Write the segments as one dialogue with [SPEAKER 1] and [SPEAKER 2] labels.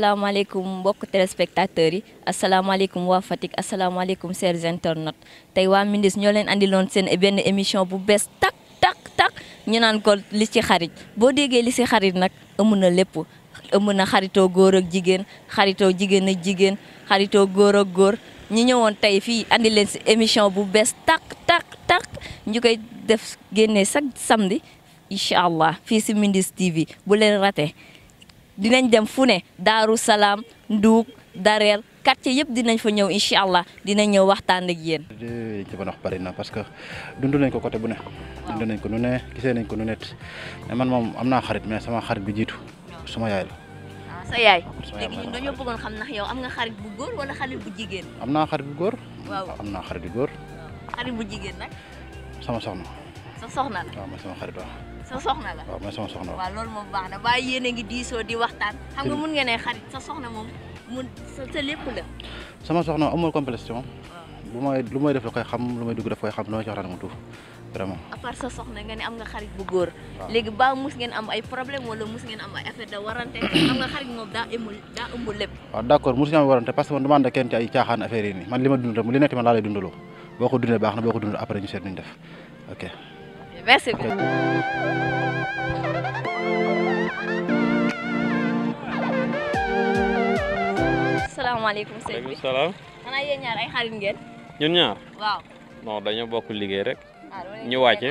[SPEAKER 1] asalaamaaleykum mbokk téléspectateurs yi asalaamaaleykum waa Fatick asalaamaaleykum chers internautes tey waa Mindis ñoo leen andiloon seen benn émission bu bees tak tak tak ñu naan ko li ci xarit boo déggee li ci xarit nag ëmm na lépp ëmm na xaritoo góor ak jigéen xaritoo jigéen ak jigéen xaritoo góor ak góor ñu ñëwoon tey fii andi leen ci émission bu bees tak tak tak ñu def génnee chaque samedi incha allah fii ci Mindis TV bu leen raté dinañ dem fu ne Daaru Salaam Nduuk Dareel quartier yëpp dinañ fa ñëw incha allah dinañ ñëw waxtaan ak
[SPEAKER 2] yéen. li ci mën a na parce que dund nañ ko côté bu ne. dund nañ ko nu ne gisee nañ ko nu man moom am naa xarit mais sama xarit bi jiitu suma yaay la.
[SPEAKER 1] Ah, sa yaay léegi ñun xam ndax yow am nga xarit bu góor wala xarit bu jigéen.
[SPEAKER 2] am naa xarit bu góor. waaw am naa xarit bu góor.
[SPEAKER 1] xarit bu jigéen nag. sama soxna. sa soxna la waaw mooy sama xarit waaw. sa soxna mooy sama soxna waaw. waaw loolu moom baax na waaye yéen a ngi diisoo di waxtaan. xam nga mun nga ne xarit sa soxna moom mun sa sa lépp la.
[SPEAKER 2] sama soxna moom. bu def la xam lu may dugg daf koy xam lu may jox mu tuuf vraiment.
[SPEAKER 1] à sa soxna nga am nga xarit bu góor. léegi ba mus ngeen am ay problème wala mus ngeen am ay affaire da warante am nga xarit moom daa ëmbul lépp.
[SPEAKER 2] waaw d' accord musuñu am warante parce que man du ma ànd ak kenn ci ay caaxaan affaire yi nii man li ma dund ñu seet ñu def
[SPEAKER 1] Merci beaucoup. salaamaaleykum sëñ bi
[SPEAKER 3] waaleykum salaam. dañoo bokk liggéey rek. Ah, ñu wàcce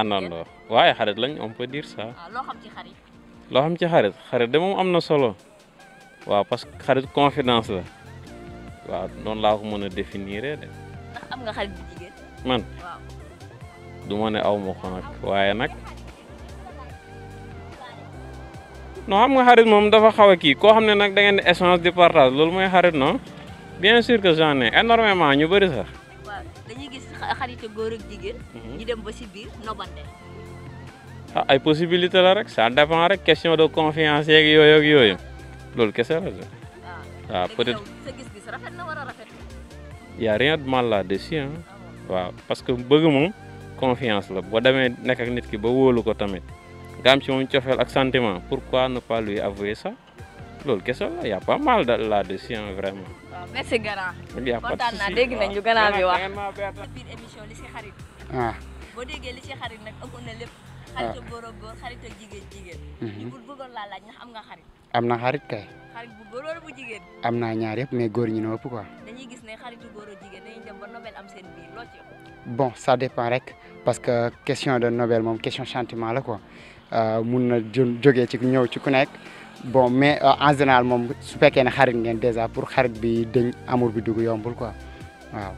[SPEAKER 3] àndandoo waaye xarit lañ on peut dire ça.
[SPEAKER 1] Ah, ci xarit.
[SPEAKER 3] loo xam moom am na solo. waaw parce que xarit confidence la. waaw noonu laa ko mën a définir de.
[SPEAKER 1] ndax am nga xarit jigéen.
[SPEAKER 3] man du ma ne aw ma nag waaye nag non xam nga xarit moom dafa xaw a kii koo xam ne nag da ngeen di échange di partage loolu mooy xarit non bien sûr que j'en ai énormément ñu bëri sa waaw
[SPEAKER 1] dañuy gis mhm.
[SPEAKER 3] ah ay possibilité la rek ça dépend rek question de confiance yeeg yooyu ak yooyu loolu kese la de. Ah, ah,
[SPEAKER 1] waaw
[SPEAKER 3] rien de mal là-dessus ah waaw parce que bëgg moom. confiance la boo demee nekk ak nit ki ba wóolu ko tamit nga am ci moom cofeel ak sentiment pourquoi ne pas lui avouer ça loolu kese la y' pas mal là-dessus de
[SPEAKER 1] souci kontaan naa dégg nañ Gara bi wax. biir li si ah. xarit. nag ëpp na ah. xarit góor xarit ak jigéen jigéen. Mhm. ñu bëggoon laa laaj ndax am nga xarit.
[SPEAKER 2] am na xarit kay. am naa ñaar yëpp mais góor ñi noo ëpp quoi. dañuy gis bon ça dépend rek parce que question de Nobel moom question chantiment la ko euh, mun na jógee ci ñëw ci ku nekk bon mais euh, en général moom su fekkee ne xarit ngeen déjà pour xarit bi dëñ amour bi dugg yombul quoi waaw.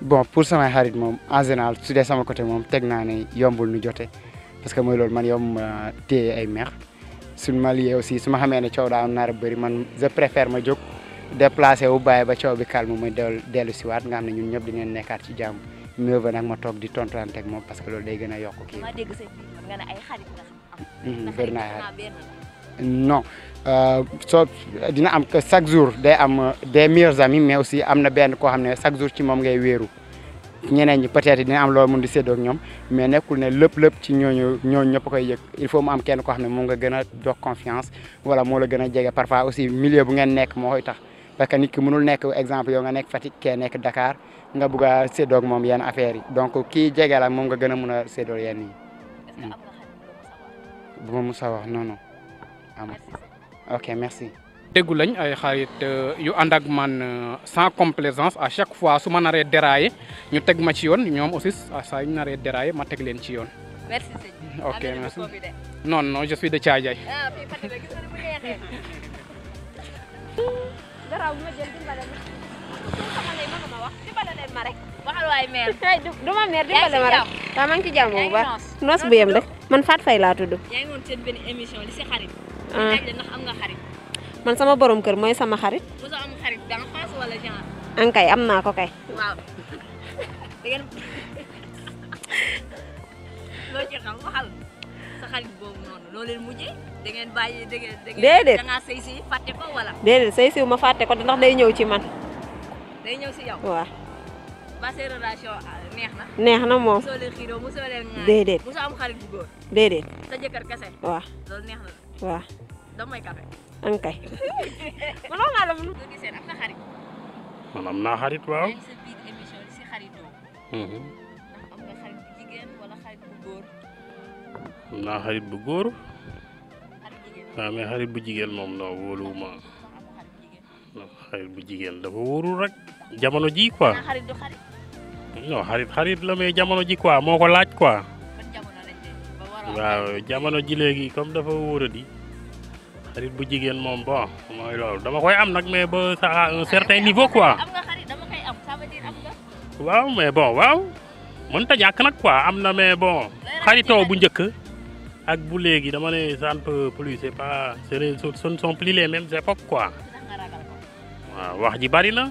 [SPEAKER 2] bon pour samay xarit moom en général dee sama côté moom teg naa ne yombul nu jote parce que mooy loolu man yomb ma téye ay meex suñ ma liyee aussi su ma xamee ne coow daa am naara bëri man je préfère ma jóg déplacé wu bàyyi ba coow bi calme ma del dellu siwaat nga xam ne ñun ñëpp dinañ nekkaat ci jàmm mieux vaut nag ma toog di tontuwante ak moom parce que loolu day gën a yokk kii. Mhm, bëri naa non euh, soo dina am que chaque jour day am euh, de meilleurs amis mais aussi am na benn koo xam ne chaque jour ci moom ngay wéeru ñeneen ñi peut dina am loolu mun di séddoo ñoom mais nekkul ne lépp lépp ci ñooñu ñooñu ñëpp koy yëg il faut mu am kenn koo xam ne moom nga gën a jox confiance wala moo a gën a jege parfois aussi milieu bu ngeen nekk moo koy tax parce que nit ki mënul nekk exemple yow nga nekk Fatick kee nekk dakaar nga bugg a moom yenn affaires yi donc kii jege la moom nga gën a mun a séddoo yenn yi. bu ma Moussa wax non Ah, ok merci. déggu lañ ay xarit euh, yu ànd ak man euh, sans complaisance à chaque fois su ma naree déraillé ñu teg ma ci yoon ñoom aussi saa yu ñu naree déraillé ma teg leen ci yoon.
[SPEAKER 1] merci sëñ ok merci
[SPEAKER 2] non non je suis de Thiadiaye.
[SPEAKER 1] du ma meer dimbale ma rek waaw maa ngi ci jàmm bu baax noos bu yem rek man Fatou Faye laa tudd. yaa ngi woon seen benn émission li si xarit. laaj ah. la ndax am nga xarit. man sama borom kër mooy sama xarit. mosoo am xarit d'enfance wala genre. an kay am naa ko kay. waaw. loo ci xam waxal sa xarit boobu noonu loo leen mujjee da ngeen bàyyi da ngeen. déedéet da ngaa sëy si fàtte ko wala. déedéet sëy si ma fàtte ko ndax day ñëw ci man. day ñëw si yow waaw. ba seen relation ah, neex na. neex na moom. mosoo leen xiiroo mosoo leen. déedéet mosoo am xarit bu góor. déedéet. sa jëkkër kese. waaw loolu neex na. waaw. am na xarit.
[SPEAKER 3] naa xarit waaw. yaa mhm.
[SPEAKER 1] am nga xarit bu góor.
[SPEAKER 3] am naa xarit bu góor. waaw xarit bu jigéen moom non wóoluwuma xarit bu jigéen dafa wóorul rek jamono ji quoi non xarit xarit la mais jamono ji quoi moo ko laaj quoi. waaw jamono ji léegi comme dafa wóoradi xarit bu jigéen moom bon mooy loolu dama koy am nag mais ba ça à un certain waaw mais bon waaw mënta ñàkk nag quoi am na mais bon. xaritoo bu njëkk ak bu léegi dama ne ça ne peut plus pas ce ne sont plus les mêmes époques quoi. waaw wax ji bari na.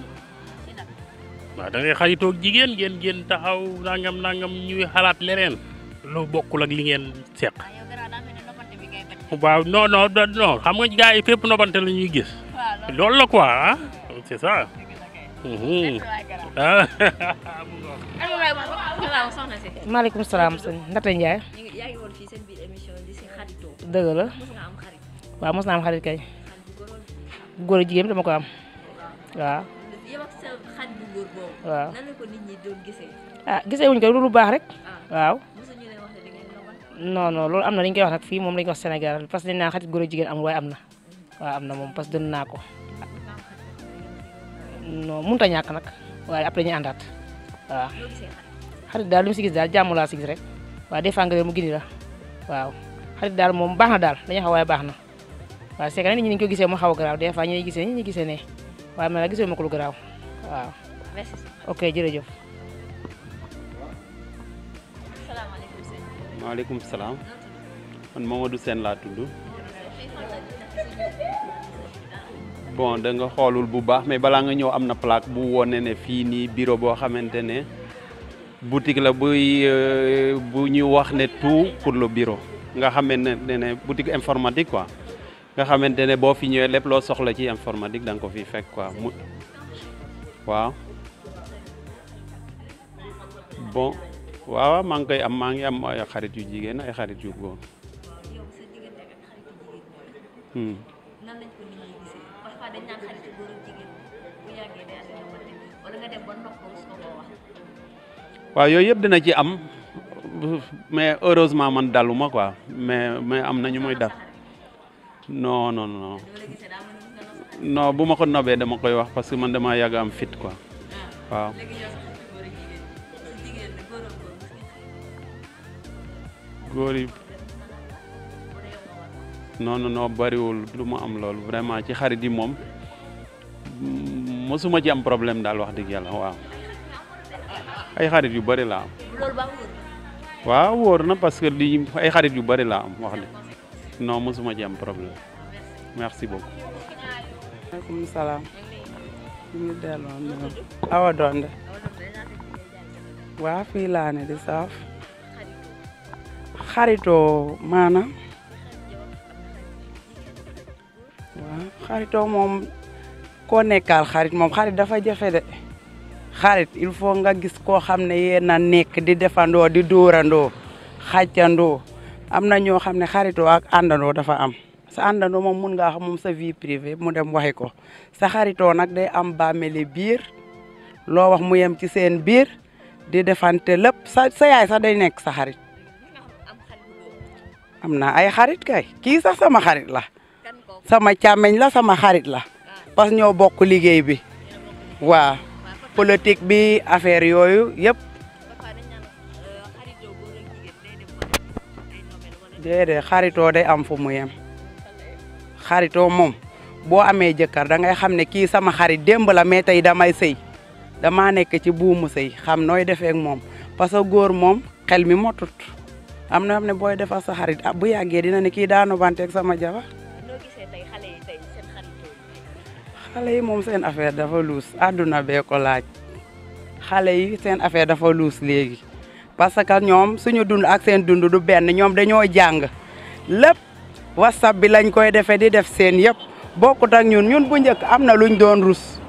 [SPEAKER 3] waaw xaritoog jigéen ngeen taxaw nangam nangam ñuy xalaat leneen. lu bokkul ak li ngeen seq. Ah, waaw non non non xam nga gars yi fépp nobante la ñuy gis. loolu la ah, mm-hmm. mm-hmm. ah.
[SPEAKER 1] salaam sëñ Ndata Ndiaye. dëgg la
[SPEAKER 4] waaw mos naa am xarit ko ah gisee wuñ ko lu baax rek waaw. non non loolu am na dañ koy wax nag fii moom lañ ko wax Sénégal parce que dañ naa xarit góor jigéen amul waaye am na waaw am na moom parce que naa ko non mënut a ñàkk nag waaye après ñu àndaat waaw xarit daal lu si gis daal jàmm laa si rek waaw des fois mu gindi la waaw xarit daal moom baax na daal dañuy xaw waaye baax na waaw c'est que nit ni ko gisee mu xaw a garaaw des fois ñu gisee ñu gisee ne waaye man la gisee ma ko lu garaaw waaw ok jërëjëf
[SPEAKER 5] maaleykum salaam man du seen laa tudd bon da nga xoolul bu baax mais balaa nga ñëw am na plaque bu wone ne fii nii bureau boo xamante ne boutique la buy euh, bu ñuy wax ne tout pour le bureau nga xamante ne ne boutique informatique quoi nga xamante ne boo fi ñëwee lépp loo soxla ci informatique da nga ko fi fekk quoi mu waaw bon waaw maa ngi koy am maa ngi am ay xarit yu jigéen ay xarit yu góor. waaw yooyu yëpp dina ci am mais heureusement man daluma ko mais mais am nañu ñu muy dal non non non non bu ma ko nobee dama koy wax parce que man dama yàgg am fit quoi ah. waaw. góor noonu noo bariwul lu mu am loolu vraiment ci xarit yi moom mosuma ci am problème daal wax dëgg yàlla waaw ay xarit yu bari laa am. waaw woor na parce que lii ay xarit yu bari laa am wax dëgg non mosuma ci am problème merci beaucoup.
[SPEAKER 4] maaleykum fii laa di saaf. xarito maanaam xarito moom koo nekkaal xarit moom xarit dafa jafe de xarit il faut nga gis koo xam ne yéen a nekk di defandoo di dóorandoo xàccandoo am na ñoo xam ne xarito ak àndandoo dafa am sa àndandoo moom mun ngaa xam moom sa vie privée mu dem waxi ko sa xarito nag day am bàmmeli biir loo wax mu yem ci seen biir di defante lépp sa sa yaay sax day nekk sa xarit am na ay xarit kay kii sax sama xarit la sama càmmeñ la sama xarit la parce que ñoo bokk liggéey bi waaw politique bi affaire yooyu yëpp déedéet xaritoo day am fu mu yem xaritoo moom boo amee jëkkër dangay xam ne kii sama xarit démb la mais tey damay sëy damaa nekk ci buumu sëy xam nooy defeek moom parce que góor moom xel mi motut am na xam ne booy defar sa xarit ah bu yàggee dina ne kii daanu banteeg sama jabar. xale yi moom seen affaire dafa luus àdduna beeko laaj xale yi seen affaire dafa luus léegi parce que ñoom suñu dund ak seen dund du benn ñoom dañoo jàng lépp was bi lañ koy defee di def seen yëpp bokkut ak ñun ñun bu njëkk am na luñ doon rus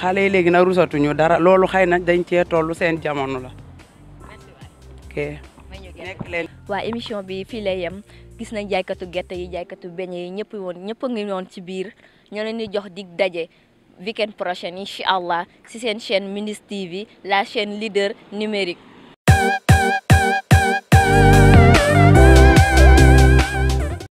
[SPEAKER 4] xale yi léegi na rusatuñu dara loolu xëy na dañ cee toll seen jamono la.
[SPEAKER 1] nekk waa émission bi fii lay yem gis nañ jaaykatu gerte yi jaaykatu beñe yi ñëpp woon ñëpp a ngi woon ci biir ñoo leen di jox dig daje weekend prochain incha allah si seen chaîne Mindiss TV la chaîne leader numérique